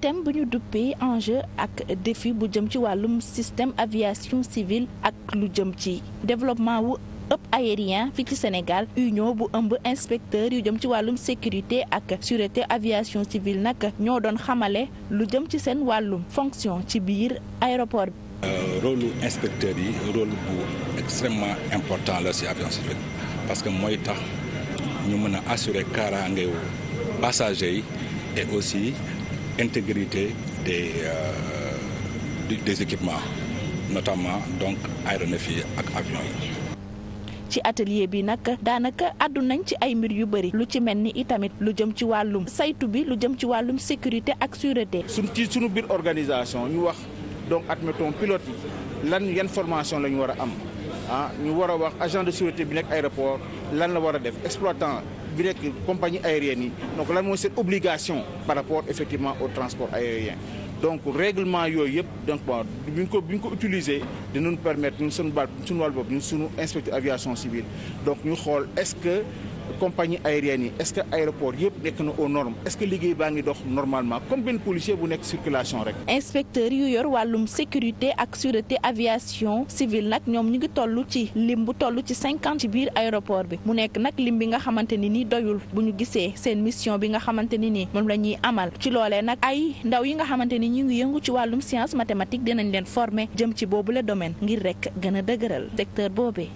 thème bu ñu duppee enjeu ak défi bu jëm ci wàllum système aviation civile ak lu jëm ci développement wu ëpp aérien fi ci Sénégal union bu ëmb inspecteur yu jëm ci wàllum sécurité ak sûreté aviation civile nag ñoo doon xamale lu jëm ci seen wàllum fonction ci biir aéroport bi. Euh, rôle inspecteur yi rôle bu extrêmement important la si aviation civile parce que mooy tax ñu mën a assurer kaaraangewu passagers yi et aussi. intégrité des euh, des équipements notamment donc aéronef yi ak avion yi. ci atelier bi nag daanaka àddu nañ ci ay mbir yu bëri lu ci mel ni itamit lu jëm ci wàllum saytu bi lu jëm ci wàllum sécurité ak sûreté. suñ ci biir organisation ñu wax donc admettons pilote yi lan yan formation la ñu war a am. ah ñu war a wax agent de sûreté bi nekk aéroport lan la war a def exploitant bi nekk compagnie aérienne yi donc lan mooy seen obligation par rapport effectivement au transport aérien donc règlement yooyu yëpp donc bon bu ñu ko bu ñu ko utiliser dinañu permettre ñun suñu baat suñu wàll bopp ñun suñu inspecteur aviation civile donc ñu xool est-ce que compagnie aérienne yi est-ce que aéroport yëpp nekk na aux normes est-ce que liggéey baa ngi dox normalement comme benn policier bu nekk circulation rek. inspecteur yu yor wàllum sécurité ak sûreté aviation civile nag ñoom ñu ngi toll ci lim bu toll ci cinquante ci biir aéroport bi mu nekk nag lim bi nga xamante ni nii doyul bu ñu gisee seen mission bi nga xamante ni nii moom la ñuy amal ci loolee nag ay ndaw yi nga xamante ni ñu ngi yëngu ci wàllum science mathématique dinañ leen former jëm ci boobu la domaine ngir rek gën a dëgëral secteur boobee